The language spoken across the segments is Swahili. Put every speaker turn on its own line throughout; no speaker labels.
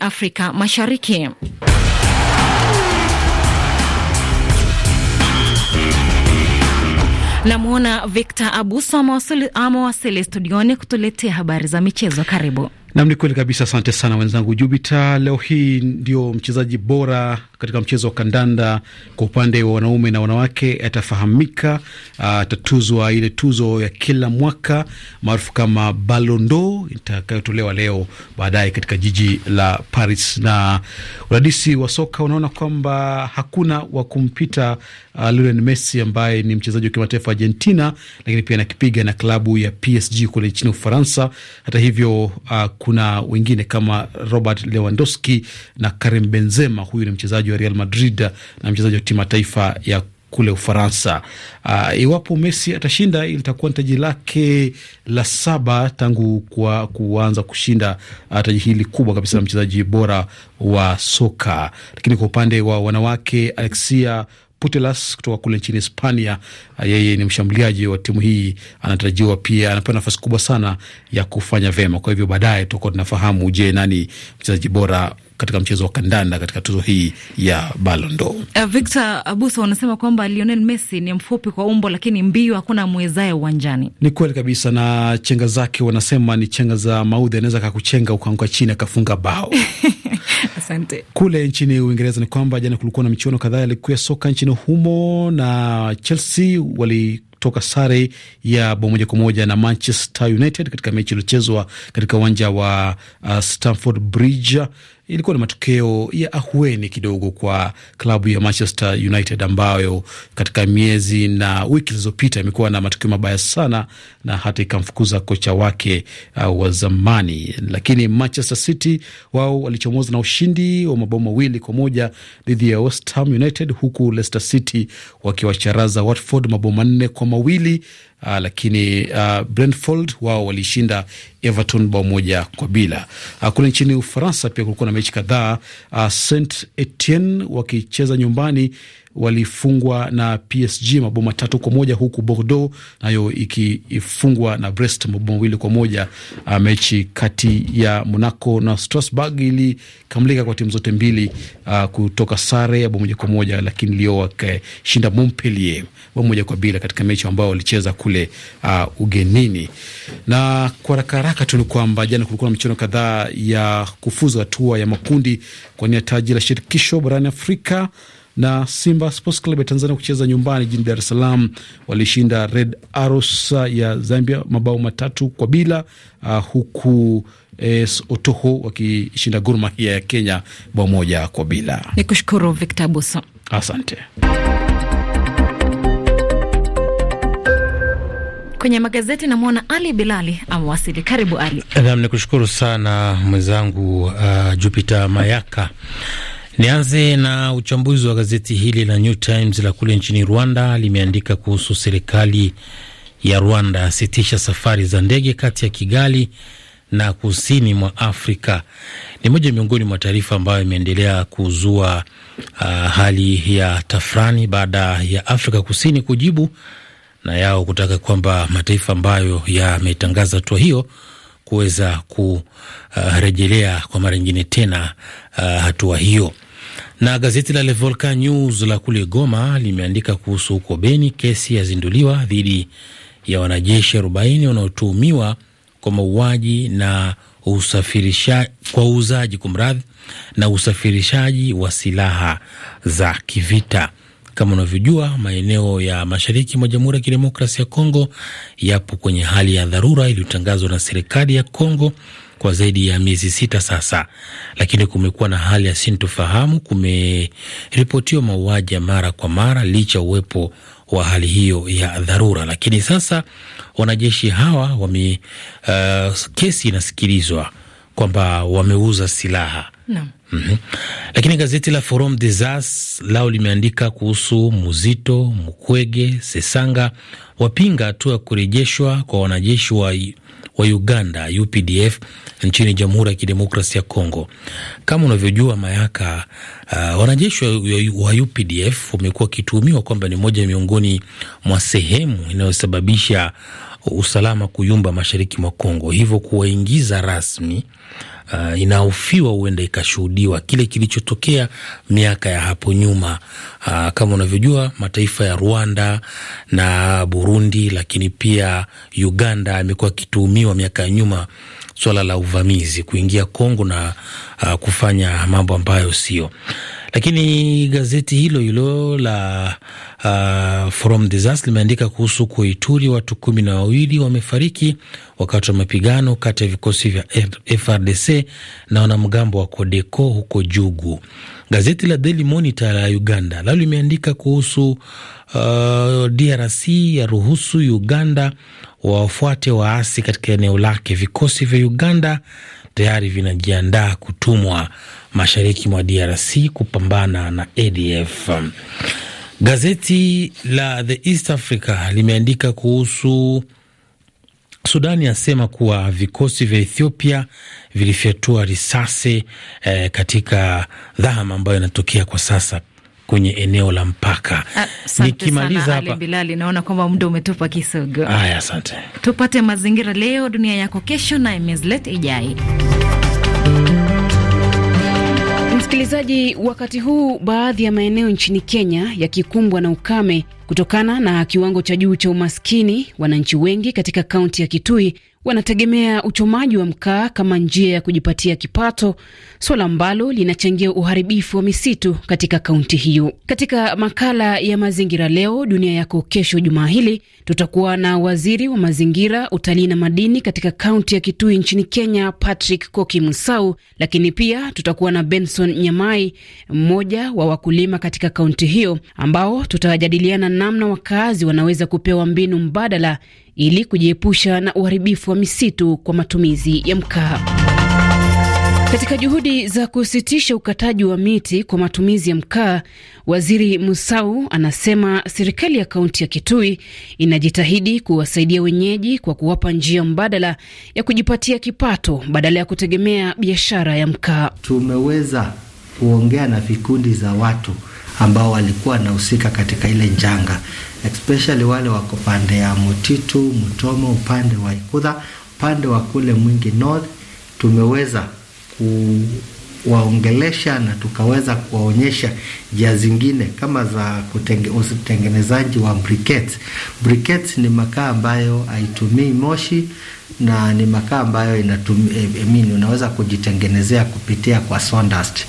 Afrika Mashariki. Namwona Victor Abuso amewasili studioni kutuletea habari za michezo. Karibu.
Nam, ni kweli kabisa. Asante sana wenzangu Jupita Leo hii ndio mchezaji bora katika mchezo wa kandanda kwa upande wa wanaume na wanawake atafahamika, atatuzwa ile tuzo ya kila mwaka maarufu kama Balondo itakayotolewa leo baadaye katika jiji la Paris. Na uradisi wa soka unaona kwamba hakuna wa kumpita uh, Lionel Messi ambaye ni mchezaji wa kimataifa Argentina, lakini pia anakipiga na klabu ya PSG kule nchini Ufaransa. Hata hivyo uh, kuna wengine kama Robert Lewandowski na Karim Benzema. Huyu ni mchezaji wa Real Madrid na mchezaji wa timu ya taifa ya kule Ufaransa. Uh, iwapo Messi atashinda litakuwa taji lake la saba tangu kwa kuanza kushinda ah, taji hili kubwa kabisa la mchezaji bora wa soka. Lakini kwa upande wa wanawake Alexia Putelas kutoka kule nchini Hispania. Ah, yeye ni mshambuliaji wa timu hii, anatarajiwa pia, anapewa nafasi kubwa sana ya kufanya vyema. Kwa hivyo baadaye tutakuwa tunafahamu, je, nani mchezaji bora katika mchezo wa kandanda katika tuzo hii ya Balondo. Uh,
eh, Victor Abuso wanasema kwamba Lionel Messi ni mfupi kwa umbo, lakini mbio hakuna mwezae uwanjani.
Ni kweli kabisa, na chenga zake wanasema ni chenga za maudhi, anaweza kakuchenga ukaanguka chini akafunga bao Asante. Kule nchini Uingereza ni kwamba jana kulikuwa na michuano kadhaa ya soka nchini humo na Chelsea wali toka sare ya bao moja kwa moja na Manchester United katika mechi iliochezwa katika uwanja wa uh, Stamford Bridge ilikuwa ni matokeo ya ahueni kidogo kwa klabu ya Manchester United ambayo katika miezi na wiki zilizopita imekuwa na matokeo mabaya sana na hata ikamfukuza kocha wake uh, wa zamani. Lakini Manchester City wao walichomoza na ushindi wa mabao mawili kwa moja dhidi ya West Ham United, huku Leicester City wakiwacharaza Watford mabao manne kwa mawili Uh, lakini uh, Brentford wao walishinda Everton bao moja kwa bila. Uh, kule nchini Ufaransa pia kulikuwa na mechi kadhaa uh, Saint Etienne wakicheza nyumbani walifungwa na PSG mabao matatu kwa moja huku Bordeaux nayo ikifungwa na Brest mabao mawili kwa moja. Ah, mechi kati ya Monaco na Strasbourg ilikamilika kwa timu zote mbili uh, kutoka sare ya bao moja kwa moja, lakini Lyon wakashinda Montpellier bao moja kwa bila katika mechi ambayo walicheza kule uh, ugenini. Na kwa haraka haraka tu ni kwamba jana kulikuwa na michuano kadhaa ya kufuzu hatua ya makundi kwa nia taji la shirikisho barani Afrika na Simba Sports Club ya Tanzania kucheza nyumbani jijini Dar es Salaam. Walishinda Red Arrows ya Zambia mabao matatu kwa bila, uh, huku Es eh, Otoho wakishinda Gor Mahia ya Kenya bao moja kwa bila.
Ni kushukuru Victor Buso, asante. Kwenye magazeti namwona Ali Bilali amewasili. Karibu Ali.
nam ni kushukuru sana mwenzangu uh, Jupiter Mayaka Nianze na uchambuzi wa gazeti hili la New Times la kule nchini Rwanda. Limeandika kuhusu serikali ya Rwanda sitisha safari za ndege kati ya Kigali na kusini mwa Afrika. Ni moja miongoni mwa taarifa ambayo imeendelea kuzua uh, hali ya tafrani baada ya Afrika Kusini kujibu na yao kutaka kwamba mataifa ambayo yametangaza hatua hiyo kuweza kurejelea ah, kwa mara nyingine tena uh, hatua hiyo. Na gazeti la Le Volcan News la kule Goma limeandika kuhusu huko Beni, kesi yazinduliwa dhidi ya wanajeshi arobaini wanaotuhumiwa kwa mauaji na usafirisha, kwa uuzaji kumradhi, na usafirishaji wa silaha za kivita. Kama unavyojua maeneo ya mashariki mwa Jamhuri ya Kidemokrasia ya Kongo yapo kwenye hali ya dharura iliyotangazwa na serikali ya Kongo kwa zaidi ya miezi sita sasa, lakini kumekuwa na hali ya sintofahamu. Kumeripotiwa mauaji ya mara kwa mara licha uwepo wa hali hiyo ya dharura, lakini sasa wanajeshi hawa wame, uh, kesi inasikilizwa kwamba wameuza silaha no. Mm -hmm. Lakini gazeti la Forum des As lao limeandika kuhusu Muzito, Mukwege, Sesanga wapinga hatua ya kurejeshwa kwa wanajeshi wa wa Uganda UPDF nchini Jamhuri ya Kidemokrasia ya Kongo. Kama unavyojua Mayaka, uh, wanajeshi wa UPDF wamekuwa wakituhumiwa kwamba ni moja miongoni mwa sehemu inayosababisha usalama kuyumba mashariki mwa Kongo, hivyo kuwaingiza rasmi uh, inahofiwa huenda ikashuhudiwa kile kilichotokea miaka ya hapo nyuma. Uh, kama unavyojua mataifa ya Rwanda na Burundi, lakini pia Uganda amekuwa akituhumiwa miaka ya nyuma swala la uvamizi kuingia Kongo na uh, kufanya mambo ambayo sio lakini gazeti hilo hilo la uh, From the Zas limeandika kuhusu kuituri watu kumi na wawili wamefariki wakati wa mapigano kati ya vikosi vya FRDC na wanamgambo wa Kodeko huko Jugu. Gazeti la Daily Monitor la Uganda lao limeandika kuhusu uh, DRC ya ruhusu Uganda wafuate waasi katika eneo lake. Vikosi vya Uganda tayari vinajiandaa kutumwa mashariki mwa DRC kupambana na ADF. Gazeti la The East Africa limeandika kuhusu Sudani asema kuwa vikosi vya Ethiopia vilifyatua risasi eh, katika dhahama ambayo inatokea kwa sasa kwenye eneo la mpaka. Nikimaliza hapa,
Bilali, naona kwamba muda umetupa kisogo. Haya, asante. Tupate mazingira leo, dunia yako kesho, na mslet Ijai.
Msikilizaji, wakati huu baadhi ya maeneo nchini Kenya yakikumbwa na ukame kutokana na kiwango cha juu cha umaskini, wananchi wengi katika kaunti ya Kitui wanategemea uchomaji wa mkaa kama njia ya kujipatia kipato, suala ambalo linachangia uharibifu wa misitu katika kaunti hiyo. Katika makala ya mazingira leo dunia yako kesho, jumaa hili tutakuwa na waziri wa mazingira, utalii na madini katika kaunti ya Kitui nchini Kenya, Patrick Koki Musau, lakini pia tutakuwa na Benson Nyamai, mmoja wa wakulima katika kaunti hiyo, ambao tutajadiliana namna wakaazi wanaweza kupewa mbinu mbadala ili kujiepusha na uharibifu wa misitu kwa matumizi ya mkaa. Katika juhudi za kusitisha ukataji wa miti kwa matumizi ya mkaa, Waziri Musau anasema serikali ya kaunti ya Kitui inajitahidi kuwasaidia wenyeji kwa kuwapa njia mbadala ya kujipatia kipato badala ya kutegemea biashara ya mkaa. Tumeweza
kuongea na vikundi za watu ambao walikuwa wanahusika katika ile njanga especially wale wako pande ya Mutitu, Mutomo, upande wa Ikudha, upande wa kule Mwingi North, tumeweza kuwaongelesha na tukaweza kuwaonyesha njia zingine kama za utengenezaji wa briquettes. Briquettes ni makaa ambayo haitumii moshi na ni makaa ambayo inatumia eh, unaweza kujitengenezea kupitia kwa sawdust.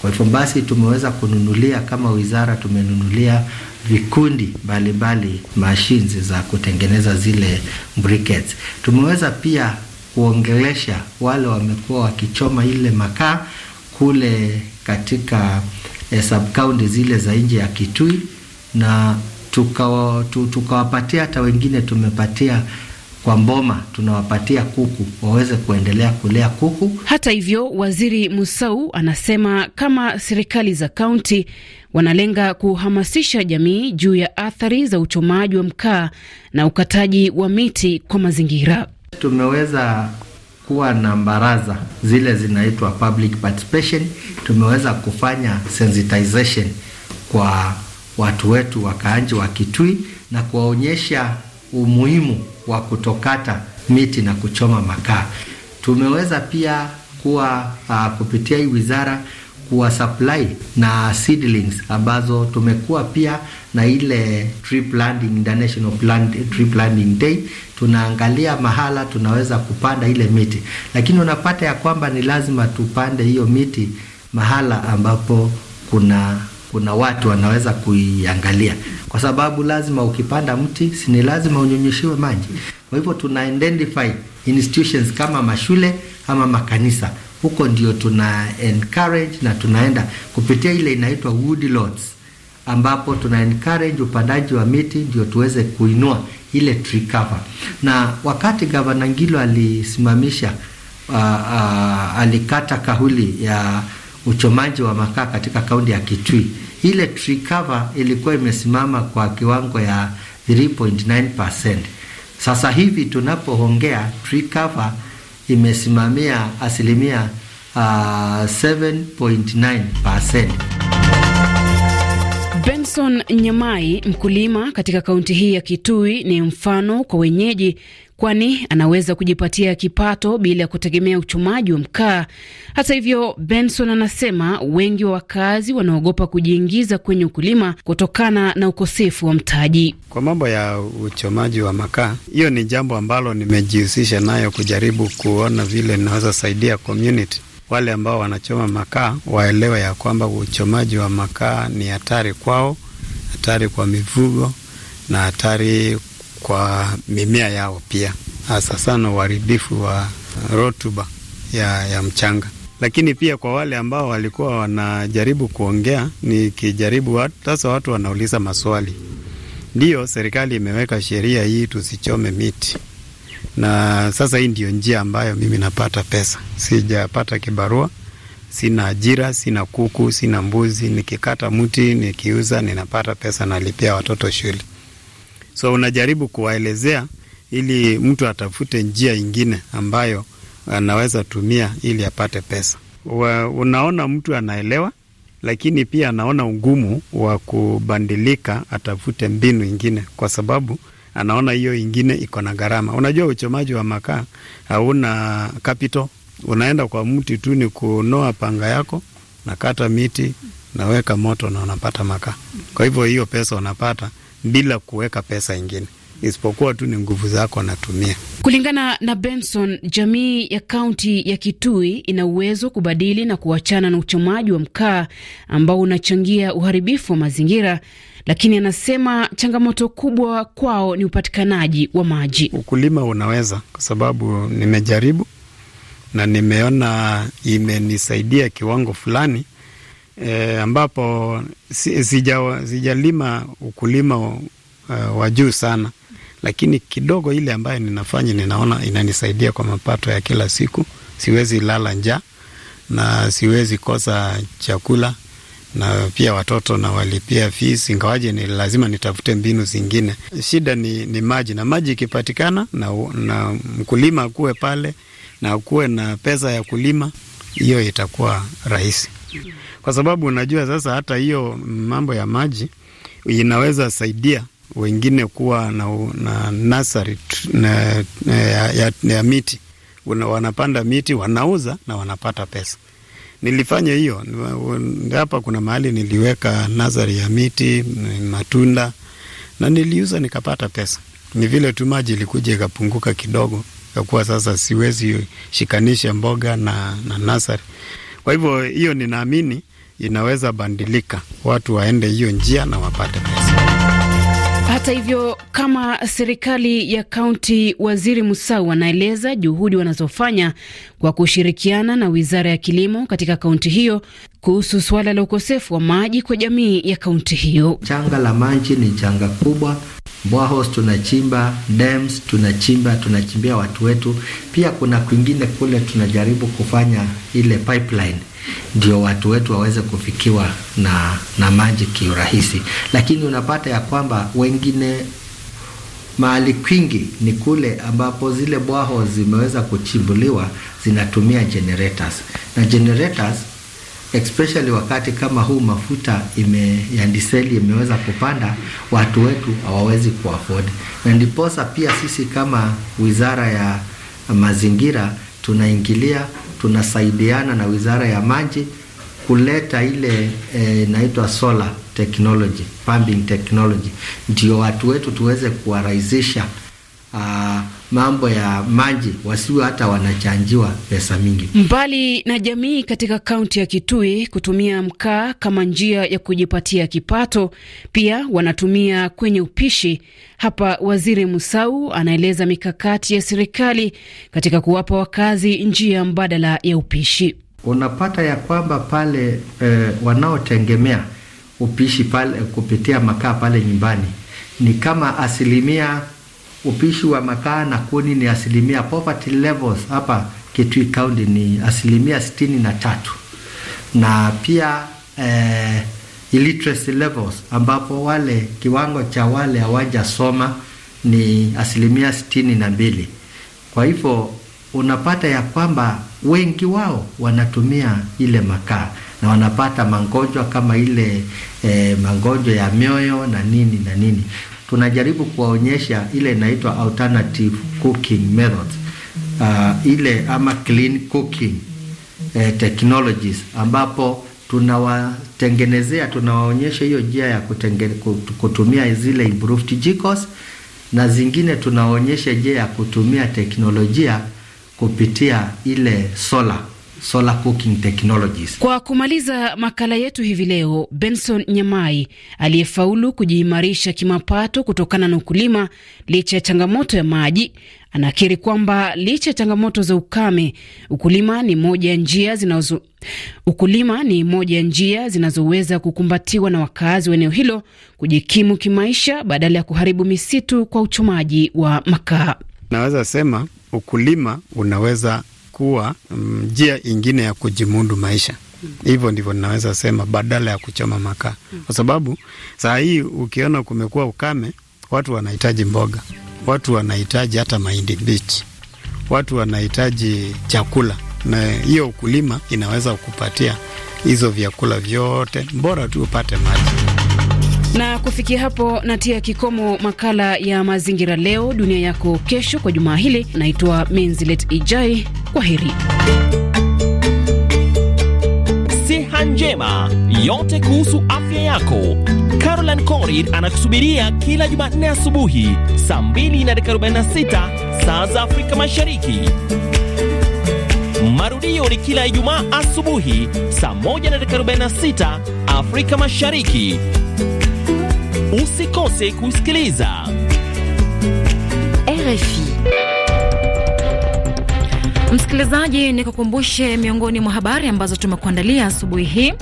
Kwa hivyo basi tumeweza kununulia kama wizara tumenunulia vikundi mbalimbali machines za kutengeneza zile briquettes. Tumeweza pia kuongelesha wale wamekuwa wakichoma ile makaa kule katika eh, county zile za nje ya Kitui na tukawapatia hata wengine tumepatia kwa Mboma tunawapatia kuku waweze kuendelea kulea kuku.
Hata hivyo, Waziri Musau anasema kama serikali za kaunti wanalenga kuhamasisha jamii juu ya athari za uchomaji wa mkaa na ukataji wa miti kwa mazingira.
Tumeweza kuwa na baraza zile zinaitwa public participation. Tumeweza kufanya sensitization kwa watu wetu wakaanji wa Kitui na kuwaonyesha umuhimu wa kutokata miti na kuchoma makaa. Tumeweza pia kuwa uh, kupitia hii wizara supply na seedlings ambazo tumekuwa pia na ile tree planting, international plant, tree planting day tunaangalia mahala tunaweza kupanda ile miti, lakini unapata ya kwamba ni lazima tupande hiyo miti mahala ambapo kuna kuna watu wanaweza kuiangalia, kwa sababu lazima ukipanda mti si ni lazima unyonyeshiwe maji. Kwa hivyo tuna identify institutions kama mashule ama makanisa huko ndio tuna encourage na tunaenda kupitia ile inaitwa wood lots, ambapo tuna encourage upandaji wa miti ndio tuweze kuinua ile tree cover. Na wakati Gavana Ngilo alisimamisha uh, uh, alikata kauli ya uchomaji wa makaa katika kaunti ya Kitui, ile tree cover ilikuwa imesimama kwa kiwango ya 3.9%. Sasa hivi tunapoongea tree cover imesimamia asilimia uh, ah, 7.9%.
Benson Nyamai, mkulima katika kaunti hii ya Kitui, ni mfano kwa wenyeji kwani anaweza kujipatia kipato bila ya kutegemea uchumaji wa mkaa. Hata hivyo, Benson anasema wengi wa wakazi wanaogopa kujiingiza kwenye ukulima kutokana na ukosefu wa mtaji. Kwa
mambo ya uchomaji wa makaa, hiyo ni jambo ambalo nimejihusisha nayo kujaribu kuona vile inaweza saidia community wale ambao wanachoma makaa waelewe ya kwamba uchomaji wa makaa ni hatari kwao, hatari kwa mifugo na hatari kwa mimea yao, pia hasa sana uharibifu wa rotuba ya, ya mchanga lakini pia kwa wale ambao walikuwa wanajaribu kuongea, nikijaribu sasa, watu wanauliza maswali. Ndiyo, serikali imeweka sheria hii tusichome miti, na sasa hii ndiyo njia ambayo mimi napata pesa. Sijapata kibarua, sina ajira, sina kuku, sina mbuzi. Nikikata mti nikiuza, ninapata pesa, nalipia watoto shule. So unajaribu kuwaelezea ili mtu atafute njia ingine ambayo anaweza tumia ili apate pesa. Wa, unaona mtu anaelewa, lakini pia anaona ugumu wa kubandilika atafute mbinu ingine, kwa sababu anaona hiyo ingine iko na gharama. Unajua, uchomaji wa makaa hauna capital, unaenda kwa mti tu, ni kunoa panga yako, nakata miti, naweka moto na unapata makaa. Kwa hivyo hiyo pesa unapata bila kuweka pesa ingine isipokuwa tu ni nguvu zako anatumia
Kulingana na Benson, jamii ya kaunti ya Kitui ina uwezo kubadili na kuachana na uchomaji wa mkaa ambao unachangia uharibifu wa mazingira, lakini anasema changamoto kubwa kwao ni upatikanaji wa maji.
Ukulima unaweza, kwa sababu nimejaribu na nimeona imenisaidia kiwango fulani e, ambapo sijalima si, si ukulima uh, wa juu sana, lakini kidogo ile ambayo ninafanya ninaona inanisaidia kwa mapato ya kila siku. Siwezi lala njaa na siwezi kosa chakula na pia watoto na walipia fees, ingawaje ni lazima nitafute mbinu zingine. Shida ni, ni maji na maji ikipatikana na, na mkulima akuwe pale na akuwe na pesa ya kulima, hiyo itakuwa rahisi kwa sababu unajua sasa hata hiyo mambo ya maji inaweza saidia wengine kuwa na, na nasari na, ya, ya, ya miti una, wanapanda miti wanauza na wanapata pesa. Nilifanya hiyo hapa, kuna mahali niliweka nasari ya miti matunda na niliuza nikapata pesa. Ni vile tu maji ilikuja ikapunguka kidogo, kakuwa sasa siwezi shikanisha mboga na, na nasari. Kwa hivyo hiyo ninaamini inaweza bandilika watu waende hiyo njia na wapate pesa.
Hata hivyo, kama serikali ya kaunti, waziri Musau anaeleza juhudi wanazofanya kwa kushirikiana na wizara ya kilimo katika kaunti hiyo kuhusu suala la ukosefu wa maji kwa jamii ya kaunti hiyo. Janga la
maji ni janga kubwa boreholes tunachimba, dams tunachimba, tunachimbia watu wetu. Pia kuna kwingine kule tunajaribu kufanya ile pipeline ndio watu wetu waweze kufikiwa na, na maji kiurahisi, lakini unapata ya kwamba wengine mahali kwingi ni kule ambapo zile boreholes zimeweza kuchimbuliwa zinatumia generators na generators especially wakati kama huu mafuta ime, ya diseli imeweza kupanda, watu wetu hawawezi kuafodi na ndiposa pia sisi kama wizara ya mazingira tunaingilia, tunasaidiana na wizara ya maji kuleta ile eh, inaitwa e, solar technology, pumping technology, ndio watu wetu tuweze kuwarahisisha uh, mambo ya maji wasiwe hata wanachanjiwa pesa mingi.
Mbali na jamii katika kaunti ya Kitui kutumia mkaa kama njia ya kujipatia kipato, pia wanatumia kwenye upishi. Hapa Waziri Musau anaeleza mikakati ya serikali katika kuwapa wakazi njia mbadala ya upishi. Unapata ya kwamba
pale e, eh, wanaotegemea upishi pale kupitia makaa pale nyumbani ni kama asilimia upishi wa makaa na kuni ni asilimia, poverty levels hapa Kitui County ni asilimia sitini na tatu na pia eh, illiteracy levels ambapo wale kiwango cha wale hawajasoma ni asilimia sitini na mbili. Kwa hivyo unapata ya kwamba wengi wao wanatumia ile makaa na wanapata magonjwa kama ile eh, magonjwa ya mioyo na nini na nini tunajaribu kuwaonyesha ile inaitwa alternative cooking methods uh, ile ama clean cooking eh, technologies ambapo tunawatengenezea tunawaonyesha hiyo njia ya kutumia zile improved jikos na zingine tunawaonyesha njia ya kutumia teknolojia kupitia ile solar solar cooking technologies.
Kwa kumaliza makala yetu hivi leo, Benson Nyamai aliyefaulu kujiimarisha kimapato kutokana na ukulima licha ya changamoto ya maji anakiri kwamba licha ya changamoto za ukame, ukulima ni moja ya njia zinazo ukulima ni moja ya njia zinazoweza kukumbatiwa na wakazi wa eneo hilo kujikimu kimaisha badala ya kuharibu misitu kwa uchumaji wa makaa.
Naweza sema ukulima unaweza kuwa mm, njia ingine ya kujimudu maisha. Hivyo ndivyo ninaweza sema, badala ya kuchoma makaa, kwa sababu saa hii ukiona kumekuwa ukame, watu wanahitaji mboga, watu wanahitaji hata mahindi mbichi, watu wanahitaji chakula, na hiyo ukulima inaweza kupatia hizo vyakula vyote, bora tu upate maji.
Na kufikia hapo natia kikomo makala ya mazingira leo dunia yako kesho kwa jumaa hili. Naitwa Menzilet Ijai, kwa heri.
Siha njema, yote kuhusu afya yako. Caroline Corid anakusubiria kila Jumanne asubuhi saa 246 saa za Afrika Mashariki. Marudio ni kila Ijumaa asubuhi saa 1:46 Afrika Mashariki. Usikose kusikiliza
RFI. Msikilizaji, ni kukumbushe miongoni mwa habari ambazo tumekuandalia asubuhi hii.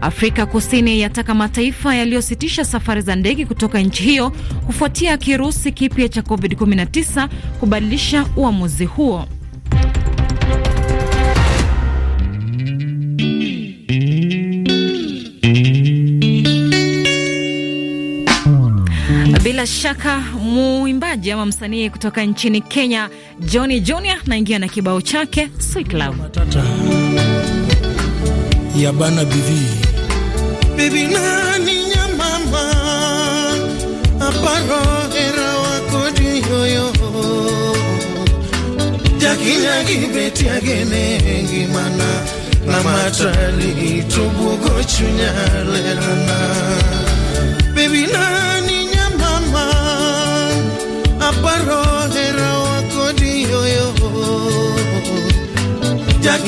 Afrika Kusini yataka mataifa yaliyositisha safari za ndege kutoka nchi hiyo kufuatia kirusi kipya cha COVID-19 kubadilisha uamuzi huo. Bila shaka muimbaji ama msanii kutoka nchini Kenya Johnny Junior naingia na kibao chake Sweet Love
ya bana bibi bibi nani nyamama aparo era wako juyoyo jakinyagi betiagenengi mana na matali tubugo lelana bibi nani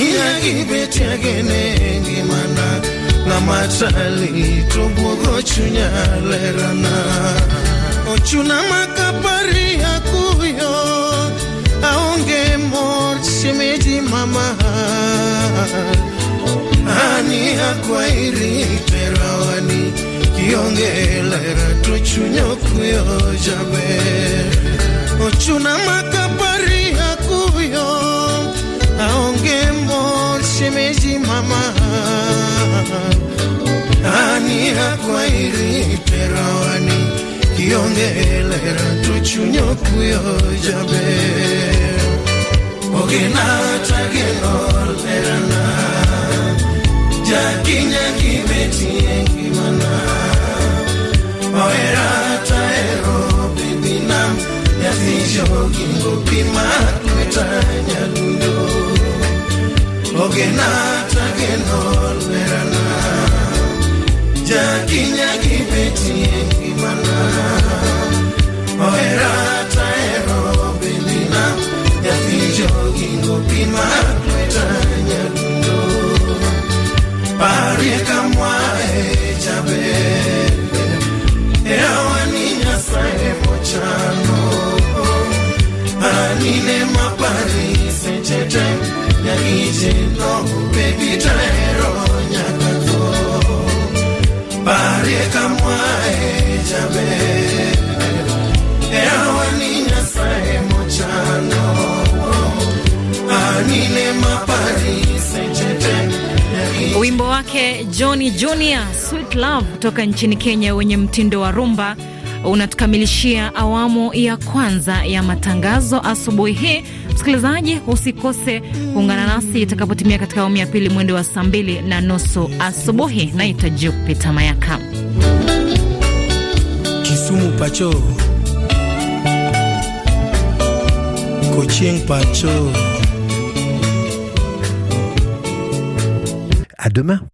iyagibetiagene ngimana ngamatali tobwogo chunya lerana ochuna makapari akuyo aonge mor simeji mama ani akwairi terawani kiongelera tochunyokuyo jabe ochuna tuyongelera tuchunyo kuyojabe ogena lerana jakinya kimetie kimana oera taero bibinam yathijoginbopima tuetanyadundo ogena tagenolerana
Wimbo wake Johnny Junior Sweet Love kutoka nchini Kenya wenye mtindo wa rumba unatukamilishia awamu ya kwanza ya matangazo asubuhi hii. Msikilizaji, usikose kuungana nasi itakapotimia katika awamu ya pili mwendo wa saa mbili na nusu asubuhi. Naitwa Jupita Mayaka, Kisumu pacho
Kocheng pacho demain.